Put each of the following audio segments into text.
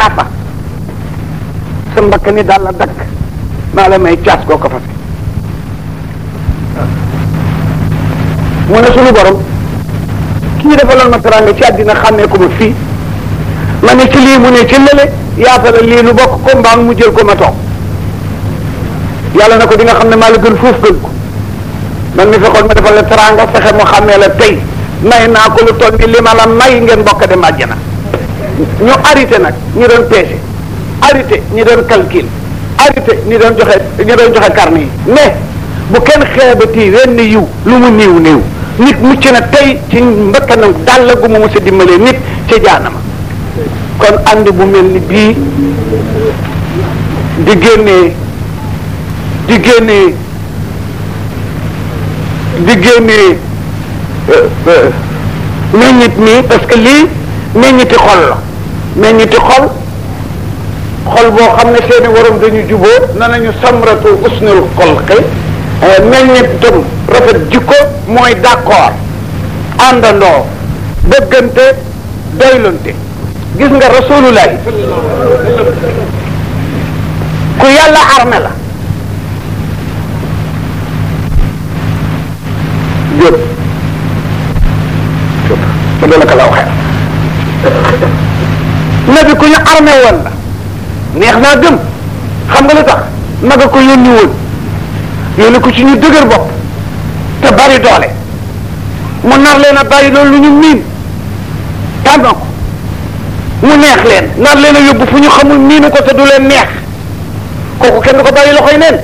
arafa sa mbakk ni daal la dakk maa la may caas koo ko fas mu ne sunu borom kii defaloon ma teraanga ci àddina xàmmee ko ma fii ma ne ci lii mu ne ci lële yaatala lii nu bokk ko mu jël ko ma toog yàlla na ko di nga xam ne maa la gën foofu gën ko man mi fekkoon ma defal la teraanga fexe mu xàmmee la tey may naa ko lu toll ni li ma la may ngeen bokk dem àjjana ñu arrêté nag ñu doon pêche arrêté ñu doon calcul arrêté ñi doon joxe ñi doon joxe carnet yi mais bu kenn xeebati wenn yiw lu mu néew néew nit mucc na tey ci mbëkkanam dàll gu mu mos a dimbalee nit ci jaanama kon ànd bu mel ni bii di génnee di génnee di génnee euh, euh, meññit mi parce que lii meññiti xol la meññiti xol xol boo xam ne seeni waroom dañu juboo na nañu samratu usnul xolqi eh, meññitum rafet jikko mooy d'accord àndandoo bëggante doylante gis nga rasulullahi ku yàlla arme la jóg jóg ma la waxee nabi ku ñu armé woon neex naa gëm xam nga lu tax maga ko yónni woon yónni ko ci ñu dëgër bopp te bari doole mu nar leen a bàyyi loolu lu ñu miin tàngoon mu neex leen nar leen a yóbbu fu ñu xamul miinu ko te du leen neex kooku kenn du ko bàyyi loxoy neen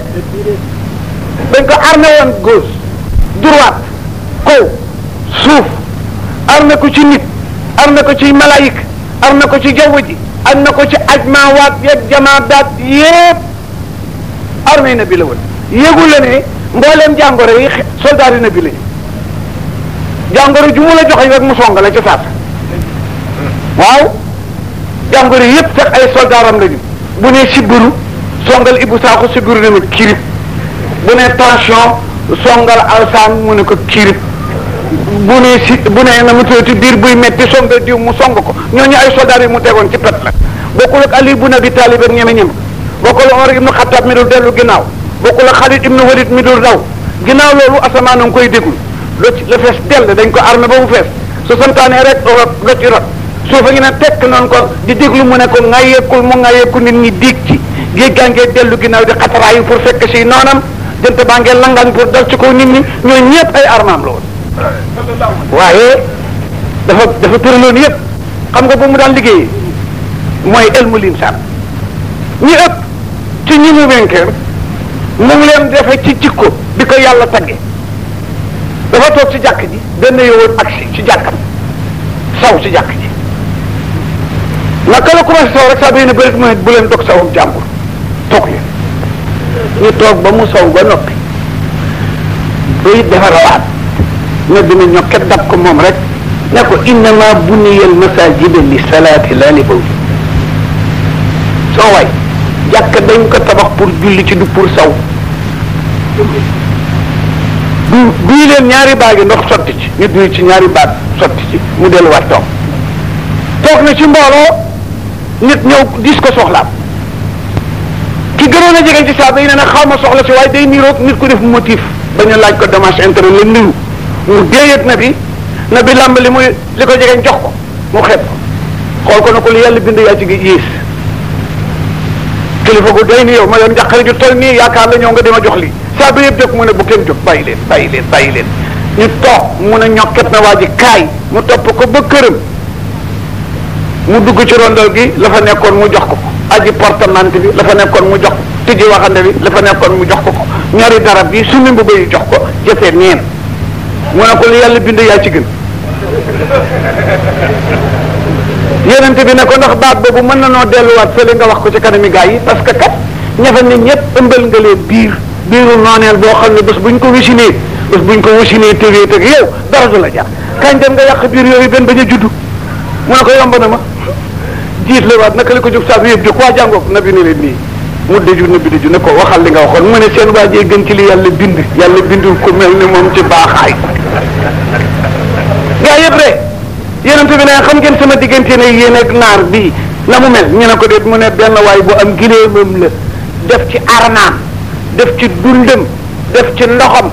dañ ko armé woon gauche droite kaw suuf armé ko ci nit armé ko ci malaayik am na ko ci jaww ji am na ko ci ajmaawaat yeeg jamaadaat yépp armée na bi la woon yéegu la ne mbooleem jàngoro yi soldat yi na bi lañu jàngoro ju mu la joxe rek mu song la waaw jàngoro yépp sax ay soldaram lañu bu ne sibbiru songal ibu saaxu sibbiru ne ma kirib bu ne tension songal alsaan mu ne ko kirib bu nee si bu nee na mu tuuti biir buy métti song diw mu song ko ñoo ñooñu ay soldaar yi mu tegoon ci pet la bokkul ak Ali ibn Abi Talib ak ñeme ñeme bokkul ak Omar ibn Khattab mi dul dellu ginnaaw bokkul daw ginnaaw loolu asamaan a koy déglu lu la fees dell dañ ko armé ba mu fees su santaane rek lo ci rot suufa ngi ne tekk noonu ko di déglu mu ne ko nga yekkul mu nga yekku nit ñi diig ci géej gaa ngee dellu ginnaaw di xataraayu pour fekk si noonam jënt baa ngee langaan pour dal nit ñi ñooñu ñëpp ay armaam la woon waaye dafa dafa tëraloon yëpp xam nga ba mu daan liggéey mooy elmu lim sar ñi ëpp ci ñi mu vainqueur mu leen defe ci jikko bi ko yàlla tagge dafa toog ci jàkk ji benn yowoon ak si ci jàkkam saw ci jàkk ji naka la commencé saw rek saa benn bërit mu bu leen dog sawam jàmbur toog leen ñu toog ba mu saw ba noppi bayit dafa rawaat ñedd na ñokket dab ko moom rek ne ko innama buniyal masajida li salaati la li baw soo waay jàkk dañ ko tabax pour julli ci du pour saw du duy leen ñaari yi ndox sotti ci ñu duy ci ñaari baat sotti ci mu delluwaat toog toog na ci mbooloo nit ñëw dis ko soxlaam ki gënoon a jege ci saaba yi ne na xaw ma soxla si waaye day niroog nit ku def motif bañ a laaj ko dommage intérêt la niru ñu déeyat na bi na bi làmb li muy li ko jegeñ jox ko mu xeeb ko xool ko na ko li yàlla bind yaa ci gi yiis kilifa gu doy ni yow ma yoon njàqare ju toll nii yaakaar la ñëw nga dima jox lii saa ba yëpp jóg mu ne bu kenn jóg bàyyi leen bàyyi leen bàyyi leen ñu toog mun a ñokket na waa ji kaay mu topp ko ba këram mu dugg ci rondal gi la fa nekkoon mu jox ko aji portemante bi la fa nekkoon mu jox ko tijji waxande bi la fa nekkoon mu jox ko ko ñori darab bi summi mbubb yi jox ko jëfee neen mu ko li yàlla bind yaa ci gën yonent bi ne ko ndax baat boobu mën na noo delluwaat fële nga wax ko ci kanami gaa yi parce que kat ñafe ne ñëpp ëmbal nga leen biir biiru boo xam ne bés buñ ko wisinee bés buñ ko wisinee tëwee tëg yow dara du la jar kañ dem nga yàq biir yooyu benn bañ a juddu mu ne ko yomb na ma jiit la naka li ko jóg saabu yëpp jóg waa jàngoog nabi ne leen nii mu ne ko waxal li nga waxoon mu ne seen waajee gën ci li yàlla bind yàlla bindul ko mel ni moom ci baaxaay gaa yëpp rek yonent bi ne xam ngeen sama diggante ne yéen ak naar bii na mu mel ñu ne ko déet mu ne benn waay bu am gileemam la def ci arnaam def ci dundam def ci ndoxam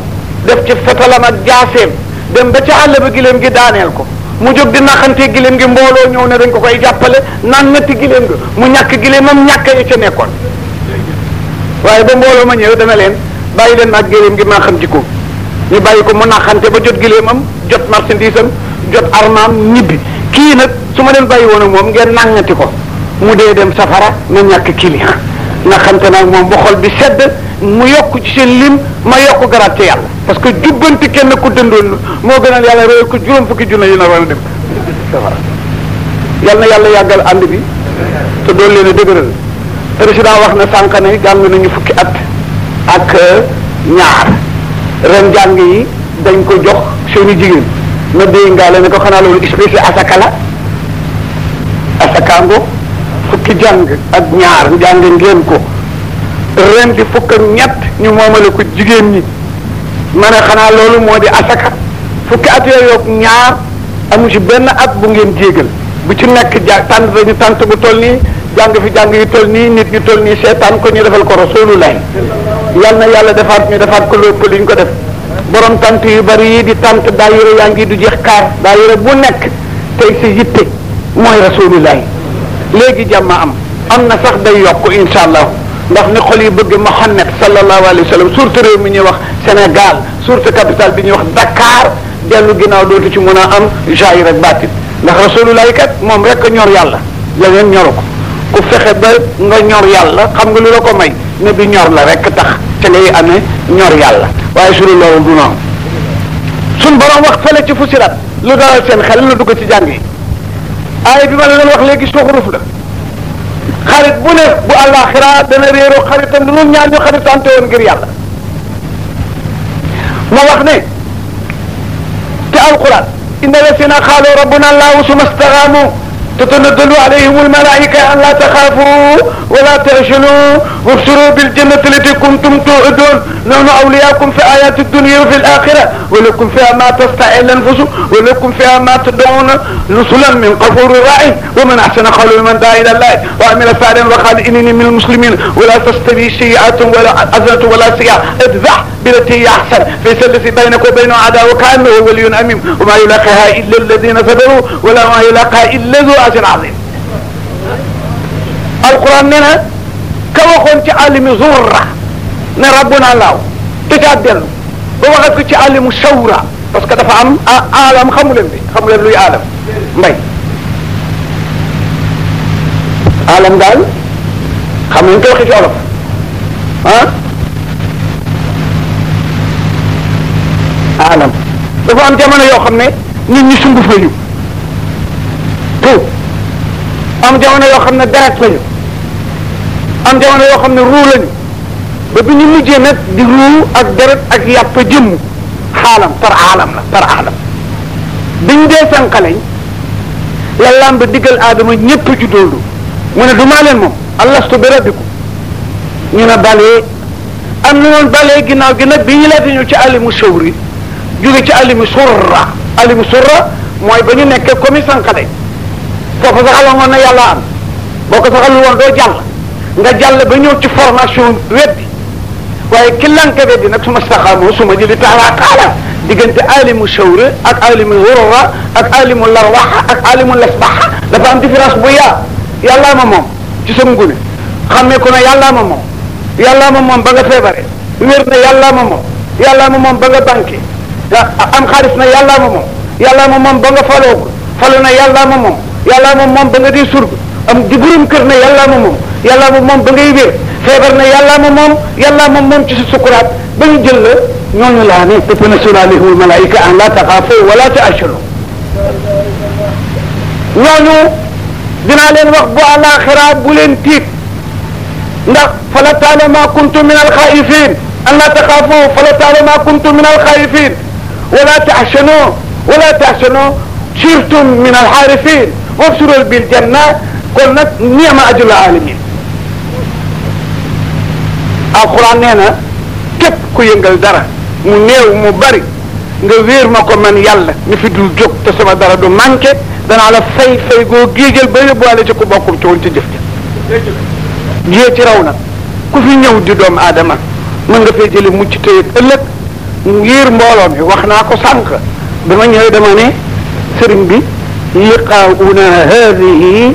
def ci fetalam ak jaaseem dem ba ca àll ba gileem gi daaneel ko mu jóg di naxante gileem gi mbooloo ñëw ne dañ ko koy jàppale naan ñetti gileem ga mu ñàkk gileemam ñàkk ya ca nekkoon waaye ba mbooloo ma ñëw dana leen bàyyi leen ak gileem gi maa xam ci ko ñu bàyyi ko mu naxante ba jot gileemam jot marchandise am jot armaam ñibbi kii nag su ma leen bàyyi woon ak moom ngeen nàngati ko mu dee dem safara na ñàkk client naxante nag moom bu xol bi sedd mu yokk ci seen lim ma yokk garaat ci parce que jubbanti kenn ku dëndoon moo gënal yàlla réew ko juróom fukki junne yi na war a dem na yàlla yàggal ànd bi te doon leen a dëgëral président wax na sànq yi gàmm nañu fukki at ak ñaar ren jàng yi dañ ko jox seeni jigéen ma déy ngaale ne ko xanaa loolu spécial asaka la asakaango fukki jàng ak ñaar jàng ngeen ko ren di fukk ak ñett ñu moomale ko jigéen ñi ma ne xanaa loolu moo di asaka fukki at yooyu ak ñaar amu ci benn at bu ngeen jéegal bu ci nekk ja tànn dañu tànt bu toll nii jàng fi jàng yu toll nii nit ñu toll nii seetaan ko ñu defal ko rasulullah yal na yàlla defaat ñu defaat ko lépp li ñu ko def borom tant yu bari yi di tant daayira yaa ngi du jeex kaar daayira bu nekk tey si yitte mooy rasulullah léegi jàmm am am na sax day yokk incha allah ndax ni xol yi bëgg Muhammad sallallahu alayhi wa sallam surtout réew mi ñuy wax Sénégal surtout capitale bi ñuy wax Dakar dellu ginnaaw dootu ci mu a am jaay rek baatit ndax rasulullah kat moom rek ñor yàlla la leen ñoru ko ku fexe ba nga ñor yàlla xam nga lu ko may. ne bi ñor la rek tax ca ngay amee yàlla waaye suru loolu du noonu suñ borom wax fële ci fusirat lu dalal seen xel la dugg ci jàngi aay bi ma la doon wax léegi suuxuruf la xarit bu ne bu àllaaxira dana réeroo xaritam lu ñaar ñu xaritante woon ngir yàlla ma wax ne te alquran inna lasina xaalu rabbuna allahu suma staqaamu تتنزل عليهم الملائكة أن لا تخافوا ولا تخشنوا وابشروا بالجنة التي كنتم توعدون نحن أولياؤكم في آيات الدنيا وفي الآخرة ولكم فيها ما تستحي الأنفس ولكم فيها ما تدعون نصلا من غفور رحيم ومن أحسن قولا من دعا إلى الله وعمل صالحا وقال إنني من المسلمين ولا تستوي سيئة ولا حسنة ولا سيئة ادفع بالتي يحسن ليس الذي بينك وبينه عداوة كأنه ولي أميم وما يلاقيها إلا الذين صبروا ولا ما يلاقيها إلا ذو أجر عظيم القرآن ننا كما كنت عالم زورة ne rabbuna laaw te caa dellu ba waxat ko ci alimu shawra parce que dafa am aalam xamu leen bi xamu leen luy aalam mbay aalam daal xam leen ko waxi ci olof ah alam dafa am jamono yoo xam ne nit ñi sunguf am jamono yoo xam ne deret lañu am jamono yoo xam ne ruu lañu ba bi ñu mujjee nag di ruu ak deret ak yàpp jëmm xaalam tar alam la tar alam biñ dee sànqaleñ la làmb diggal aadama ñépp juddoondu mu ne du maa leen moom allastu bi rabbikum ñu ne balee am na woon balee ginnaaw gi nag bi ñu laata ñëw ci alimu sawri jóge ci alimu surra alimu surra mooy ba ñu nekkee comme sànqale foofu saxaloon woon na yàlla am boo ko saxalul woon doo jàll nga jàll ba ñëw ci formation weddi waaye ki lanka weddi nag su ma saxaamoo su ma jëli taala taala diggante alimu shawra ak alimu hurra ak alimu larwaxa ak alimu lasbaxa dafa am différence bu yaa yàllaa ma moom ci sa ngune xammee ko ne yàllaa ma moom yàllaa ma moom ba nga feebare wér na yàllaa ma moom yàllaa ma moom ba nga banque ndax am xaalis na yàllaa ma moom yàllaa ma moom ba nga faloo ko falu na yàllaa ma moom yàllaa ma moom ba nga di surg am di burum kër na yàllaa ma moom yàllaa ma moom ba ngay wér feebar na yàllaa ma moom yàllaa ma moom ci sa sukuraat ba ñu jël la ñooñu laa ne tatanazzalu alayhimul malaa'ika an laa taxaafu wala ta'shalu ñooñu dinaa leen wax bu àllaaxira bu leen tiit ndax fala taala ma kuntum min alxaayifin an laa taxaafu fala taala ma kuntum min alxaayifin ولا تحسنوا ولا تحسنوا صرتم من الحارفين وابشروا بالجنة kon nag ni'ma ajrul aalimin alxuraan nee na képp ku yëngal dara mu néew mu bari nga wéer ma ko man yàlla mi fi dul jóg te sama dara du manqué danaa la fay fay goo géejal ba yóbbuwaale ci ku bokkul ci woon ci jëf ja ci raw na ku fi ñëw di doomu aadama mën nga fay jëli mucc tey ëllëg ngir mbooloo mi wax naa ko sànq bi ma ñëwee dama ne sëriñ bi liqaa'una haadihi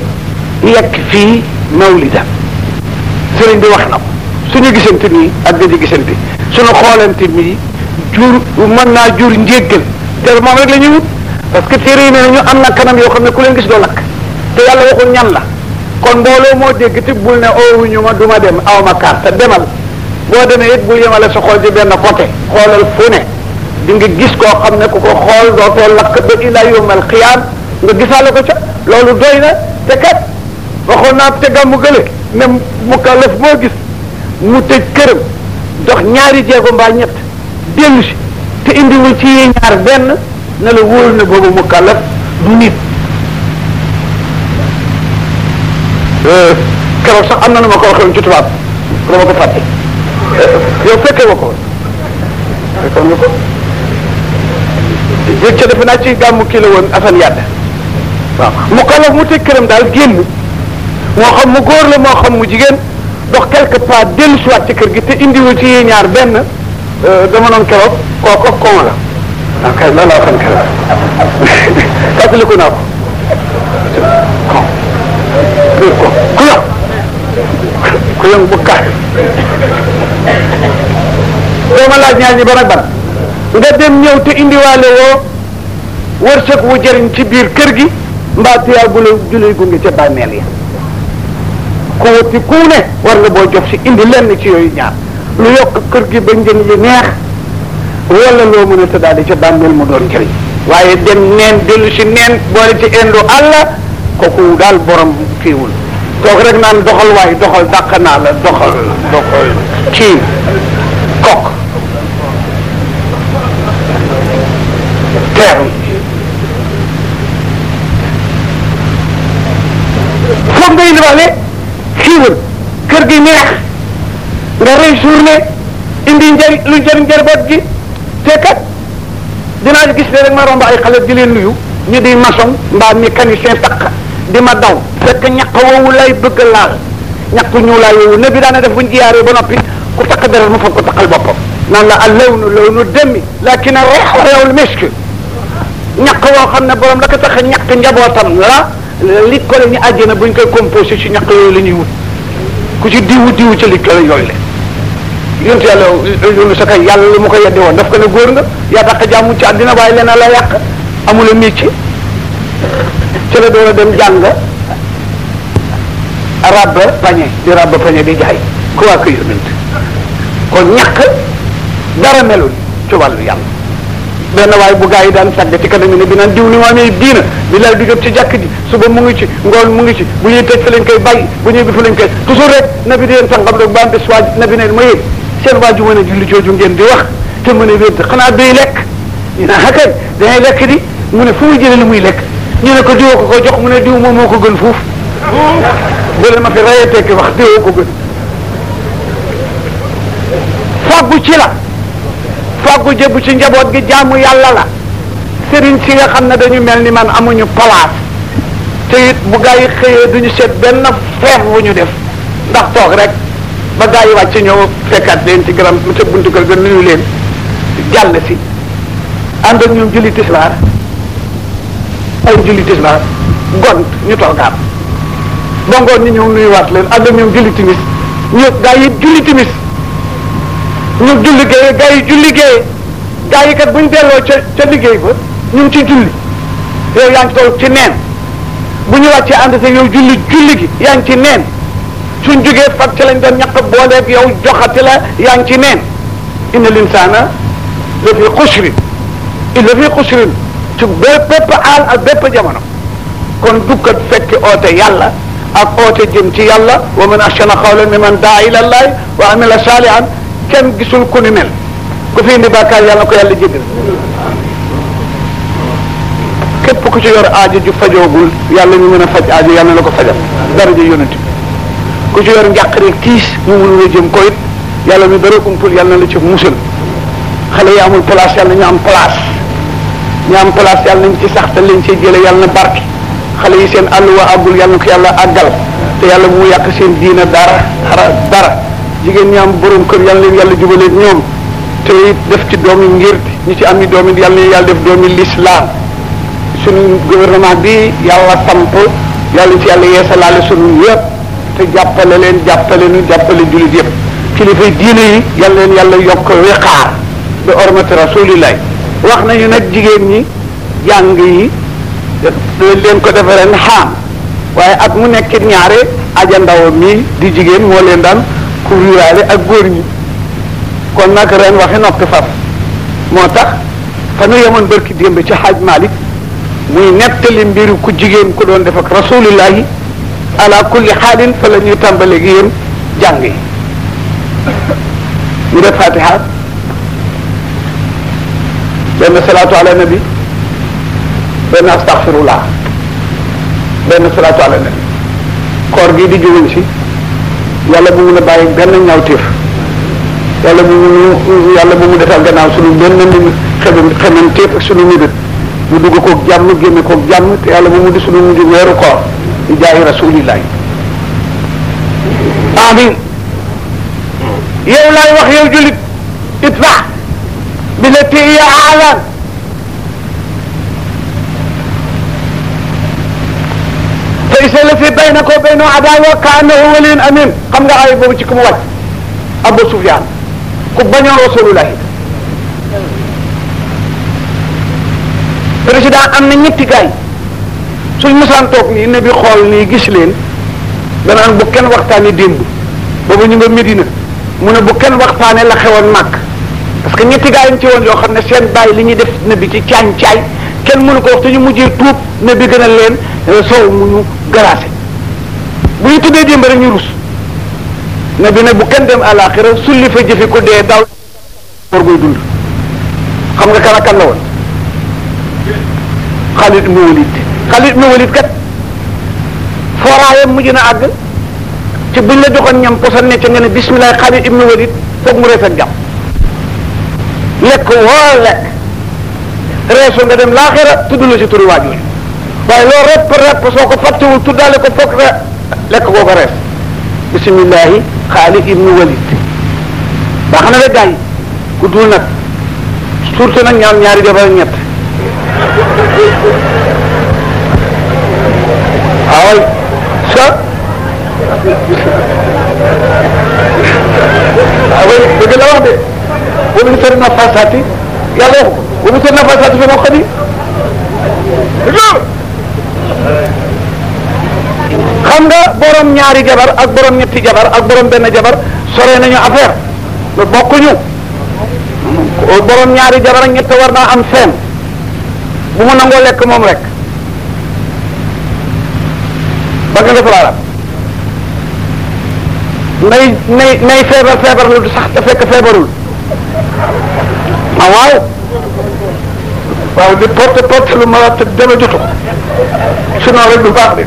yakfi mawlida sëriñ bi wax na ko suñu gisante nii ak gëj gisante suñu xoolante nii jur mën naa jur njéggal te moom rek la ñuy wut parce que téere yi na nañu am na kanam yoo xam ne ku leen gis doo lakk te yàlla waxul ñan la kon mbooloo moo dégg te bul ne oowuñu oh, ma du ma dem aw ma carte demal boo demee it bul yemale sa xool ci benn côté xoolal fu ne di nga gis koo xam ne ku ko xool dootoo lakk ba ila yawmal qiyaam nga gisaale ko ca loolu doy na te kat waxoon naa te gàmmu gële ne mukallaf moo gis mu tëj këram dox ñaari jéego mbaa ñett dellu si te indiwul ci yi ñaar benn na la wóor ne boobu mukallaf du nit euh, keroog sax am na nu ma ko waxee woon ci tubaab dama ko fàtte yow fekke nga ko ca defe naa ci gàmmu kii la woon asan yàdd mu xalaf mu teg këram daal génn moo xam mu góor la moo xam mu jigéen dox quelque part dellu siwaat ci kër gi te indiwu ci yi ñaar benn dama noon keroog kooku la kay loolu laa waxoon keroog fàttaliku naa ko kon ku bu kaay doo ma laaj ñaar ñi ban ak nga dem ñëw te indiwaale woo wërsëg wu jëriñ ci biir kër gi mbaa tuyaa bu la julay gunge ca bàmmeel ya ko wëtti ku ne war nga boo jox ci indi lenn ci yooyu ñaar lu yokk kër gi ba njën yi neex wala loo mën a tëddaale ca bàmmeel mu doon njëriñ waaye dem neen dellu si neen boole ci indo àlla kooku daal borom fiiwul toog rek naan doxal waay doxal dàq naa la doxal doxal kii kok teer foog nga kër gi neex nga réjourné indi njëriñ lu njëriñ njaboot gi te dinaa gis ne rek ma romb ay xale di leen nuyu ñu di maçon mbaa mécanicien taq di ma daw fekk ñaq woowu lay bëgg laal ñaq ñuulaay woowu ne bi daana def bu ñu jiyaaree ba noppi ku takk deret mu fab ko takkal boppam na la al lawnu lawnu demi lakin a reex reewul misk ñaq woo xam ne borom la ko tax ñaq njabootam la li ko la ñu àjjana bu ñu koy composé ci ñaq yooyu la ñuy wut ku ci diwu diwu ci li ko la yooyu la yonent yàlla loolu sa kay yàlla lu mu ko yeddi woon daf ko ne góor nga yaa dàq jàmm ci àddina le leneen la yàq amula métier ci la door a dem jàng rab pañe di rab pañe bi jaay ku waa ko yonent kon ñàkk dara melul ci wàllu yàlla benn waaye bu gaa yi daan sàgg ci kanam ne bi naan diw ni mu amee diina bi laay dugg ci jàkk ji suba mu ngi ci ngoon mu ngi ci bu ñuy te fa lañ koy bàyyi bu ñuy bi fa lañ koy toujours na bi di leen sàngam rek ba am bés waaj na bi neen ma yéen seen waaju mën a julli jooju ngeen di wax te mën a wér xanaa day lekk ñu naan xakkañ ah, dañay lekk di mu ne fu muy jëlee li muy lekk ñu ne ko diw ko ko jox mu ne diw moom moo ko gën fuuf bële ma fi rayante ki wax diw ko gën fàggu ci la fàggu jëbu ci njaboot gi jàmm yàlla la sëriñ si nga xam ne dañu mel ni man amuñu place te it bu gaa yi xëyee duñu set benn feex bu ñu def ndax toog rek ba gaa yi wàcc ñëw fekkaat leen ci garam mu ca buntu kër ga nuyu leen jàll si ànd ak ñoom julli tisbaar ay julli tisbaar gont ñu toogaat ba ngoon ñu ñëw nuyuwaat leen ànd ak ñoom julli timis ñu gaa yi julli timis ñu julli géeye gaa julli géeye gaa yi kat buñ delloo ca ca liggéey ba ñu ngi ci julli yow yaa ngi toog ci neen bu ñu wàccee ànd sa yow julli julli gi yaa ngi ci neen suñ jógee fag ci lañ doon ñaq booleeg yow joxati la yaa ngi ci neen inna l insana la fi xusrin illa fi xusrin ci bépp aal ak bépp jamono kon dukkat fekki oote yàlla ak oote jëm ci yàlla wa man ahsana qawlan mimman daa ila llahi wa amila saalihan kenn gisul ku ni mel ku fi indi bàkkaar yàlla ko yàlla jéggal képp ku ci yor aajo ju fajoogul yàlla ñu mën a faj aajo yàlla la ko fajal daraja yonent ku ci yor njàqare tiis mu mun la jëm ko it yàlla mi dara umpul yàlla na la ci musal xale yi amul place yàlla ñu am place ñu am yàlla nañ ci sax te leen ci jële yàlla na barke xale yi seen àlluwa àggul yàlla na ko yàlla àggal te yàlla mu yàq seen diina dara dara dara jigéen ñi am borom kër yàlla leen yàlla jubaleeg ñoom te def ci doomi ngir ñi ci am ni doomi yàlla yàlla def doomi lislaam suñu gouvernement bi yàlla samp yàlla ci yàlla yeesalaale suñu yëpp te jàppale leen jàppale nu jàppale jullit yëpp kilifa diine yi yàlla leen yàlla yokk wexaar ba ormati rasulillahi wax nañu nag jigéen ñi jàng yi leen ko defe ren xaam waaye at mu nekk ñaare aja ndaw mi di jigéen moo leen daan couvrirale ak góor ñi kon nag ren waxe noppi faf moo tax fa nu yemoon barki démb ci xaaj Malick muy nettali mbiru ku jigéen ku doon def ak rasulillahi ala kulli xaalin fa la ñuy tàmbale gi yéen def fatiha benn salaatu ala nabi benn astaghfirullah benn salaatu ala nabi koor gii di jógañ si yàlla bu mun a bàyyi benn ñaawteef yàlla bu mu yàlla bu mu defal gannaaw suñu benn ndim xemem xemanteef ak suñu mébét mu dugg koog jàmm génne koog jàmm te yàlla bu mu di suñu mujj weeru koor di jaayi amin yow laay wax yow jullit it بالتي هي أعلى فليس الذي بينك وبينه عداوة كأنه ولي أمين xam nga ay boobu ci ku mu wàcc Abu Sufyaan ku bañoon Rasulullahi président am na ñetti gaay suñ mosaan toog nii ne bi xool nii gis leen danaan bu kenn waxtaanee démb boobu ñu nga Medina mu ne bu kenn waxtaanee la xewoon màkk que ñetti gaa yi ci woon yoo xam ne seen bàyyi li ñuy def na bi ci caañ caay kenn nu ko wax te ñu mujjee tuub na bi gën a leen euh, soow mu ñu garaase bu ñu tuddee démb rek ñu rus na bu kenn dem àllaaxira sulli fa jëfi ko dee daaw war koy dund xam nga kan ak kan la woon Xaalid ibn Walid Xaalid ibn Walid kat fooraayam mujj àgg ci buñ la joxoon ñam poson ne ca nga ne bismillah Xaalid ibn Walid foog mu rees ak lekk woo lekk reesu nga dem laaxira tudd la ci turi waajur waaye loo repp repp soo ko fàttewul tuddaale ko foog re lekk koo ko rees bisimillahi xaali ibnu walid baax na de gars ku dul nag surtout nag ñaam ñaari jabar ñett waaw sa waaw dëgg la wax de ومن النفاسات يا الله ومن النفاسات في موقدي xam nga borom ñaari jabar ak borom ñetti jabar ak borom benn jabar sore nañu affaire lu bokkuñu ñaari jabar ak ñett war naa am seen bu mu nangoo lekk moom rek ba nga def laalam nay nay nay feebar feebar lu sax te fekk feebarul ah waaw waaw di porte porte lu maraat te dara jotu sinon rek du baax de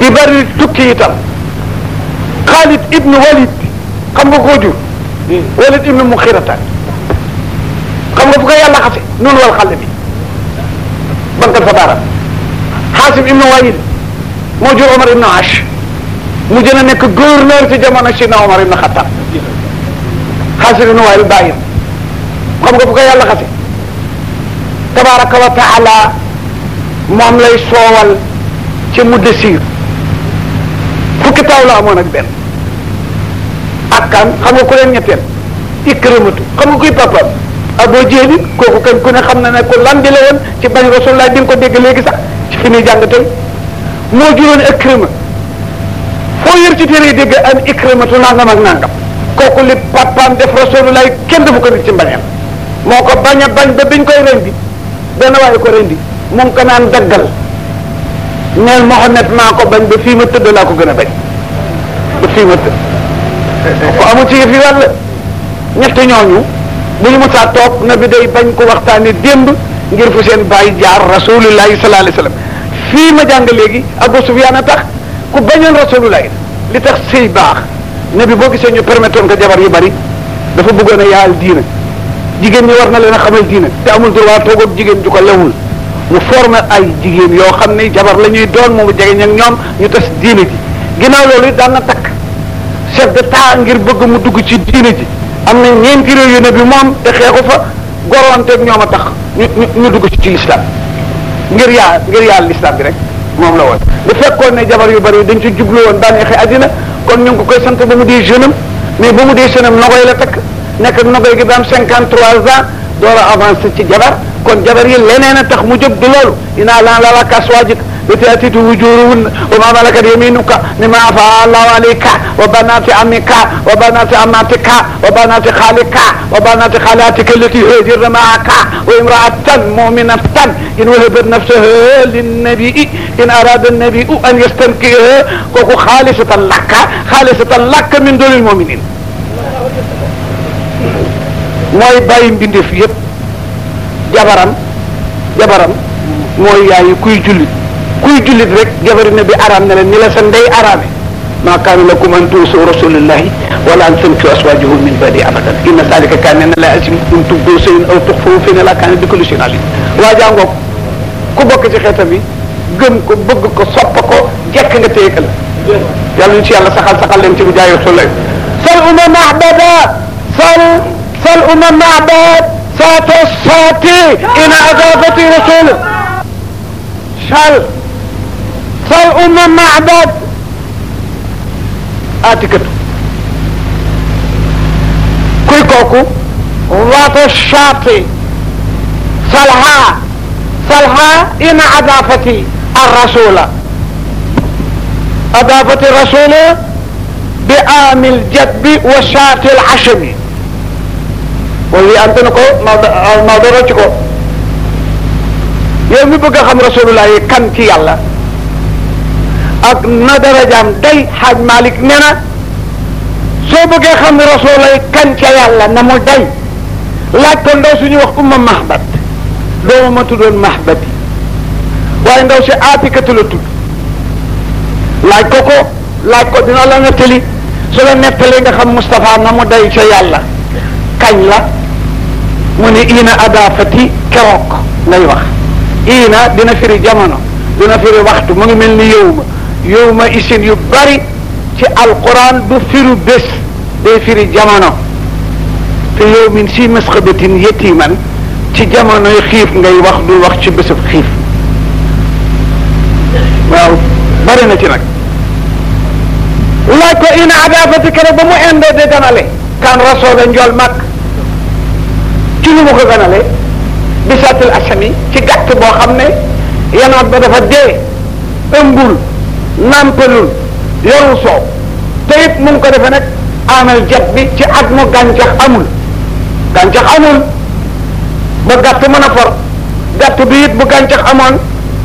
di bari tukki itam Khalid ibn Walid xam nga koo jur Walid ibn Mukhiratan xam nga fu ko yàlla xase noonu bi bankal fa baaraam Xaasim ibn Wayil moo jur Omar ibn Ash mu jën a nekk gouverneur ci jamono Seydina Omar ibn Xattaab xaasiri na waaye du bàyyi xam nga fu ko yàlla xase tabaraka wa taala moom lay soowal ci mu desir fukki taw la amoon ak benn ak kan xam nga ku leen ñetteel ikramatu xam nga kuy papaam aboo jéebi kooku kan ku ne xam na ne ko landi la woon ci bañ rasulullah di nga ko dégg léegi sax ci fi muy jàng tey moo juróon ikrama foo yër ci téere dégg an ikramatu nangam ak nangam kooku li papaam def rasulullah kenn dafa ko nit ci mbañam moo ko bañ a bañ ba biñ koy rendi benn waaye ko rendi mu ngi ko naan daggal neel Mohamed maa ko bañ ba fii ma tëdd laa ko gën a bañ ba fii ma tëdd ko amul ci yëf yi wàll ñetti ñooñu bu ñu mësaa toog na bi day bañ ko waxtaanee démb ngir fu seen bàyyi jaar rasulullahi sallallahu alayhi wasallam fii ma jàng léegi Abu Sufyaan a tax ku bañoon rasulullahi li tax sëy baax ne boo gisee ñu permettoon ko jabar yu bari dafa bëggoon a yaal diine jigéen ñi war na leen a xamal diine te amul droit toog jigéen ju ko lewul mu formé ay jigéen yoo xam ne jabar lañuy ñuy doon moomu jege ñak ñoom ñu tas diine ji ginnaaw loolu it daan na takk set de d'état ngir bëgg mu dugg ci diine ji am na ñeenti réew yu ne bi moom te xeexu fa goronteeg ñoom a tax ñu ñu dugg ci l'islam ngir yaa ngir yaal l'islam bi rek moom la woon bu fekkoon ne jabar yu bari dañ ci jublu woon àddina kon ñu ngi ko koy sant ba mu dee jeune am mais ba mu dee jeune am nogoy la takk nekk ak nogoy gi ba am 53 ans door a avancé ci jabar kon jabar yi leneen a tax mu jóg du loolu inaa laan la la kaswaajik بتأتيت وجوههن وما ملكت يمينك مما أفعل الله عليك وبنات عمك وبنات عماتك وبنات خالك وبنات خالاتك التي هاجرن معك وامرأة مؤمنة إن وهبت نفسها للنبي إن أراد النبي أن يستنكيها كوكو خالصة لك خالصة لك من دون المؤمنين mooy bàyyi mbindeef yépp jabaram jabaram mooy yaayu kuy jullit kuy jullit rek jafarina bi araam ne la ni la sa ndey araame maa kaana lakum an tuusu rasulillahi wala an tankihu aswaajahu min ba'di abadan inna zaalika kaana min laahi aziim in tubdu shay'an aw tuxfuuhu fa inna llaaha kaana bi kulli shay'in aliim waa jàngoo ku bokk ci xeetam bi gëm ko bëgg ko sopp ko jekk nga téye la yàlla ñu ci yàlla saxal saxal leen ci bu jaayoo soleil sal umam ahbada sal sal umam ahbad saata saati ina azabati rasul sal فرع معبد aatikatu kuy kooku waata shaati salha salha in adaafati arrasula adaafati rasula bi amil jadbi wa shaati alashami wala yi ante na ko Maodo Maodo ko yow mi bëgg a xam rasulullah yi kan ci yàlla ak na darajaam day xaaj Malick nee na soo bëggee xam ne rasoolay kan ca yàlla na mu day laaj ko ndaw suñu wax umma mahbat doomu ma tuddoon mahbat yi waaye ndaw si atikatu la laaj ko laaj ko dina la nettali su la nettalee nga xam Moustapha na mu day ca yàlla kañ la mu ina adafati keroog ngay wax ina dina firi jamono dina firi waxtu mu ngi mel yow ma isin yu bari ci alquran du firu bés day firi jamono te yow min si masxabatin yetiman ci jamonoy xiif ngay wax dul wax ci bésub xiif waaw na ci nag laaj ko ina adafati kere ba mu indee de ganale kan rasoola njool mag ci lu mu ko ganale bisaatil asami ci gàtt boo xam ne yenoot ba dafa dee ëmbul nàmpalul yoru soow te it mu ngi ko defee nag amal jet bi ci at moo gàncax amul gàncax amul ba gàtt mën a for gàtt bi it bu gàncax amoon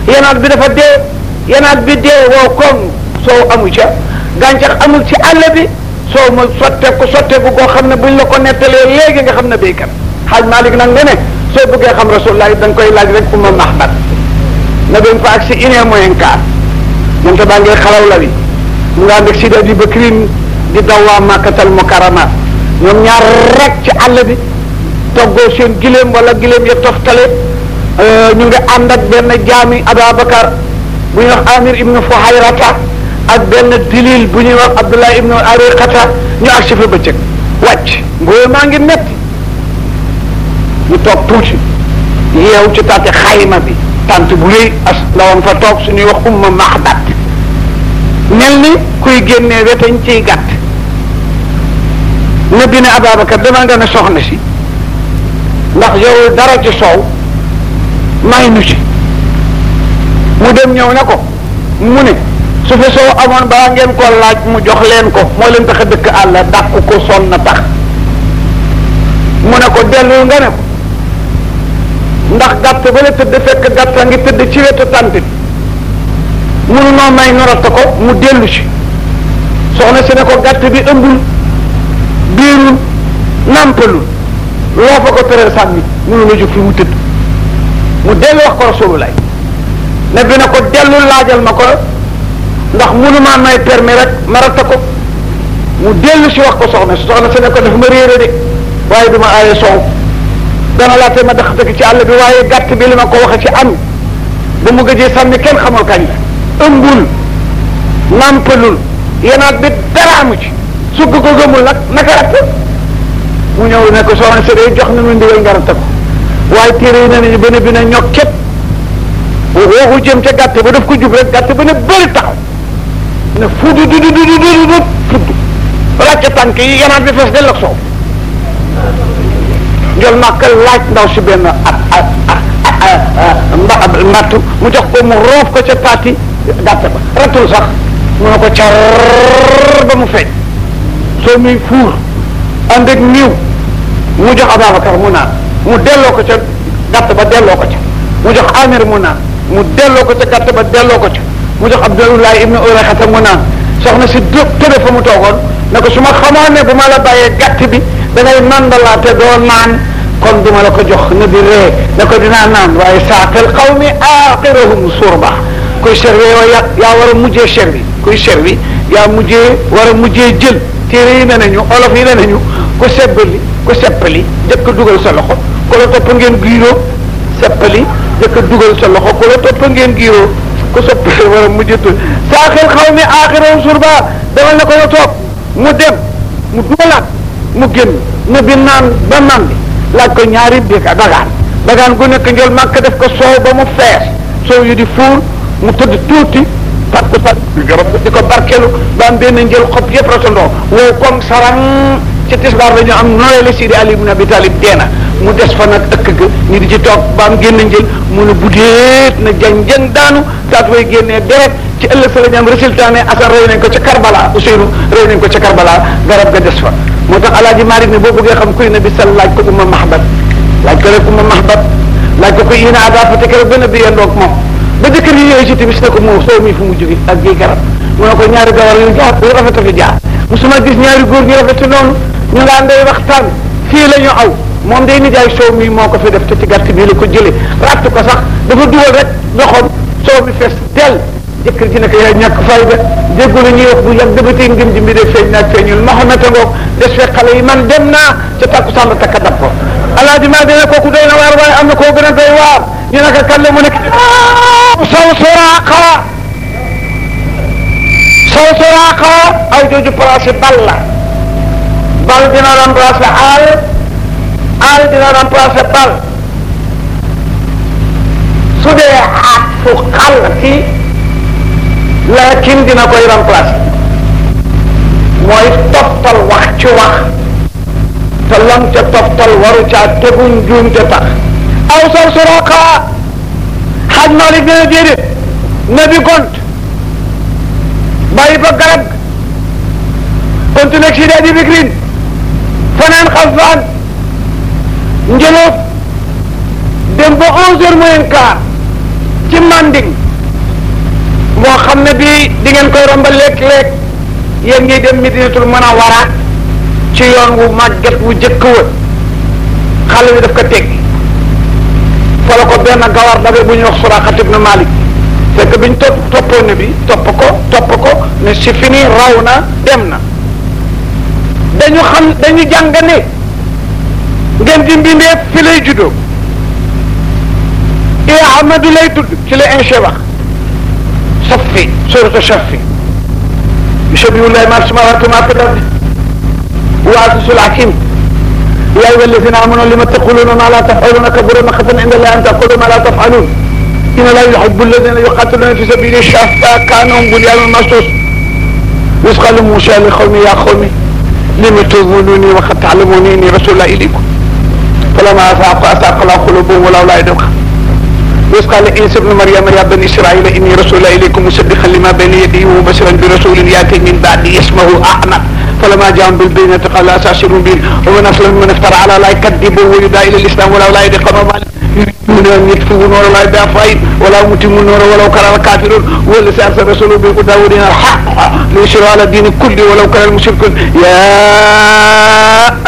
yenaat bi dafa dee yenaat bi dee woo koom soow amu ca gàncax amul ci àll bi soo ma sotteeku sotteeku koo xam ne buñ la ko nettalee léegi nga xam ne béykat xaaj Malick nag ne ne soo bëggee xam rasulullah da nga koy laaj rek umma Mahmad na doon fa ak si une moyen quart jant baa ngi xalaw la wi mu nga ànd ak Sidi Abi ñoom ñaar rek ci àll bi toggoo seen gileem wala gileem ya toftale euh, ñu ngi ànd ak benn jaami Ababakar bu ñuy wax Amir ibnu Fuhayrata ak benn dilil bu ñuy wax Abdullah ibnu Ariqata ñu agsi fa bëccëg wàcc mbooy maa ngi metti ñu toog tuuti yeew ci tànte xayma bi tànt bu as la woon fa toog suñuy wax umma mel kuy génnee wetañ ciy gàtt nëbbi na Ababacar dama nga ne soxna si ndax yorul dara ci soow may nu ci mu dem ñëw ne ko mu ne su fi soow amoon balaa ngeen ko laaj mu jox leen ko moo leen tax a dëkk àll dàq ko sonn na tax mu ne ko dellul nga ne ko ndax gàtt ba la tëdd fekk gàtt a ngi tëdd ci wetu tàntit mënu noo may norata ko mu dellu ci soxna si ne ko gàtt bi ëmbul biirul nàmpalul loo fa ko tëral sàmmi mënu na jóg mu tëdd mu dellu wax ko rasulullah ne bi ko dellu laajal ma ko ndax mënu maa may permis rek ma ratta ko mu dellu si wax ko soxna si soxna si ne ko dafa ma réere de waaye du ma aaye soow dana laate ma dax dëkk ci àll bi waaye gàtt bi li ma ko waxe ci am ba mu gëjee sàmmi kenn xamul kañ la ëmbul nàmpalul yenaat bi dara amu ci sugg ko gëmul nag naka mu ñëw ne ko soxna si day jox nañu ndigal nga ratt ko waaye téere yi ne ne bi ne jëm ca gàtt ba daf ko jub rek gàtt ba ne bëri taxaw ne fudd du du du du du du fudd laaj ca tànk yi yenaat bi fees del ak laaj ndaw si benn at at mu jox ko mu roof ko ca pati gàtt ba rattul sax mu ne ko car ba mu feeñ soo muy fuur ànd ak mu jox Ababacar mu naan mu delloo ko ca gàtt ba delloo ko ca mu jox Amir mu naan mu delloo ko ca gàtt ba delloo ko ca mu jox Abdoulaye ibnu Urayxata mu naan soxna si dë tëdde fa mu toogoon ne ko su ma xamoon ne bu ma la bàyyee gàtt bi da ngay nandalaate doo naan kon du ma la ko jox na di ree ne ko dinaa naan waaye saaqil qawmi aaxirahum surba koy serve yow yaa yaa war a mujjee servi kuy servi yaa mujjee war a mujjee yi ne nañu olof yi ne nañu ko sebbali ko seppali jëkk dugal sa loxo ku la topp ngeen giiroo seppali jëkk dugal sa loxo ko la topp ngeen giiroo ku seppali war a mujjee tudd saa xel xaw mi aaxiroon surbaa demal na ko la toog mu dem mu dugalaat mu gën mu bi naan ba naan bi laaj ko ñaari bi dagaan dagaan gu nekk njël màkk def ko soow ba mu fees soow yu di fuur mu tëdd tuuti par ko par garab di ko barkeelu ba am benn njël xob yëpp ratandoo wow comme sarang ci tisbaar la ñu am nooye la Sidi Ali ibn Abi Talib deena mu des fa nag ëkk ga ñu di ci toog ba am génn njël mu ne bu déet na jang jang daanu daat way génnee deret ci ëllëg fa la ñu am résultat ne asar rey nañ ko ca Karbala Ousseynou rey nañ ko ca Karbala garab ga des fa moo tax alaaji Malik ne boo bëggee xam kuy nabi sal laaj ko umma mahbat laaj ko rek umma mahbat laaj ko kuy ina adapté keroog benn bi yendoog moom ba jëkkër yi ñëwee ci timis ne ko moom fu mu jóge ak bii garab mu ko ñaari gawar yu jaar yu rafet a fi jaar musuma gis ñaari góor ñu rafet noonu ñu nga àndee waxtaan fii la ñu aw moom day nijaay soow mi moo ko fi def te ci gàtt bii la ko jëlee ratt ko sax dafa dugal rek loxoom soow mi fees dell jëkkër ji ne ko yaay ñàkk fayda déggu la ñuy wax bu yàgg dama tey ngëm ji mbi dee feeñ naag feeñul maxamata ngoog des yi man dem naa ca takku sàmba takka dab ko alaaji maa dina kooku doy na waar waaye na koo a doy waar ñu ne ko kan la mu nekk saw suraaqa saw suraaqa aw jooju place bal la bal dina remplacer aal aal dina remplacer bal su dee aat fu dina koy remplacer mooy toftal wax ci wax te lam ca toftal waru tax aw sor suraqa xaj Malik nee na déedéet na bi gont bàyyi ba garab continué si daji bikrin fanaan xasbaan njëloof dem ba onze heures moins ci Manding moo xam ne bii di ngeen koy romba léeg-léeg yéen ngi dem Madinatul Munawwara ci yoon wu màgget wu jëkk wa bi daf ko tekk toppala ko benn gawar dabe bu ñuy wax Suraaqa na Malik fekk bi ñu topp toppoon ne bi topp ko topp ko ne si fini raw na dem na dañu xam dañu jàng ne ngeen lay juddoo i Ahmadu lay tudd ci la inche ma fi samawati wa ma يا أيها الذين آمنوا لم تقولون ما لا تفعلون كبر مقتا عند الله أن تقولوا ما لا تفعلون إن الله يحب الذين يقاتلون في سبيله صفا كأنهم بنيان مرصوص إذ قال موسى لقومه يا قوم لم تؤذونني وقد تعلمون إني رسول الله إليكم فلما أذاقوا أذاق الله قلوبهم ولولا أن إذ قال عيسى ابن مريم يا بني إسرائيل إني رسول الله إليكم مصدقا لما بين يدي ومبشرا برسول يأتي من بعدي اسمه أحمد فلما جاءهم بالبينات قالوا لا تستعجلوا به ومن أظلم ممن افترى على الله كذبا وداعيا إلى الإسلام ولولا إذ قاموا يريدون أن يطفئوا نور الله بأفواههم ولا يتمون نوره ولو كره الكافرون هو الذي أرسل رسوله بالهدى ودين الحق ليظهره على الدين كله ولو كره المشركون يا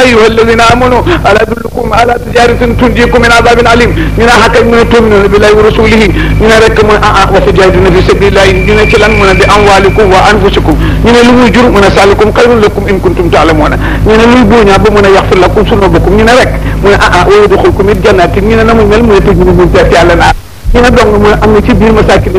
أيها الذين آمنوا ألا أدلكم على تجارة تنجيكم من عذاب أليم ñu ne xàkkañ mu ne tuuminuna billahi wa rasulihi ñu ne rek mu ne ah ah wa tujaahiduna fi sabilillahi ñu ne ci lan mu ne bi amwalikum wa anfusikum ñu ne lu muy jur mu ne salikum xayrun lakum in kuntum ta'lamuna ñu ne luy buñaa ba mu ne yaxfir lakum sunubakum ñu ne rek mu ne ah ah wa yudxilkum it jannatin ñu ne na mu mel mu ne tëj ñu ne mu teet yàlla naa ñu ne dong mu ne am na ci biir masakin